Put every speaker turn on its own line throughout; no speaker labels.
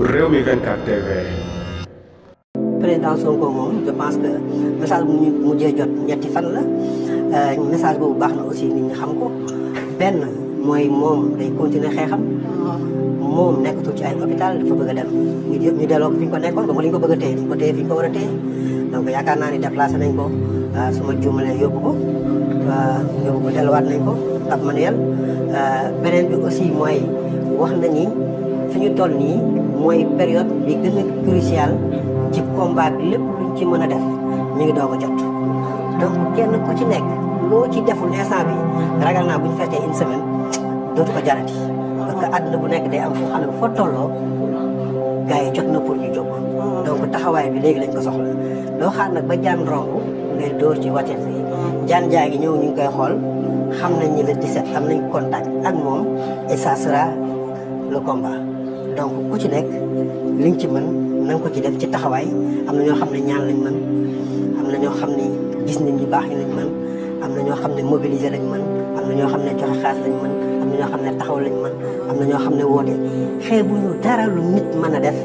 Rewmi 24
TV. président Sonko moom je pense que message bu ñu mujjee jot ñetti fan la euh, message boobu baax na aussi nit xam ko benn mooy moom day continuer xeexam. moom nekkatul ci ay hôpital dafa bëgg a dem ñu delloo ko fi ñu ko nekkoon comme li ñu ko bëgg a téye fi ñu ko téye fi ñu ko war a téye donc yaakaar naa ni déplacé nañ ko euh, suma juumalee yóbbu ko euh, yóbbu ko delluwaat nañ ko Cap Manuel beneen bi aussi mooy wax na ni fi ñu toll nii. mooy période bi gën a crucial ci combat bi lépp luñ ci mën a def mi ngi doog a jot. donc kenn ku ci nekk loo ci deful instant bi ragal naa bu ñu fekkee une semaine dootu ko jarati parce que àdduna bu nekk day am foo xam ne yi jot na pour ñu jóg. donc taxawaay bi léegi lañ ko soxla loo xaar nag ba jaan romb ngay dóor ci watel bi jaan jaa ngi ñëw ñu ngi koy xool xam nañ ni le 17 am nañ contact ak moom et ça sera le donc ku ci nekk liñ ci man na ko ci def ci taxawaay am na ñoo xam ne ñaan lañ mën am na ñoo xam ne gis nit ñi baax yi lañ mën am na ñoo xam ne mobiliser lañ mën ñoo xam ne joxe xaas lañ mën xam ne taxaw lañ mën am na ñoo xam ne woote xëy bu ñu dara lu nit mën a def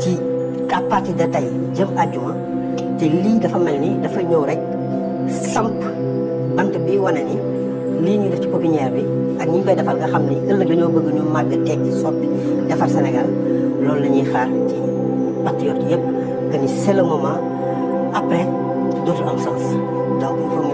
ci à de tey jëm àjjuma te lii dafa mel ni dafa ñëw rek samp bant bi wane ni lii ñu def ci pépinière bi ak ñi ñu koy defal xam ni ëllëg dañoo bëgg ñu màgg tekki soppi defar Sénégal loolu la ñuy xaar ci patriote yëpp que ni c'est le moment après dootul am sens
donc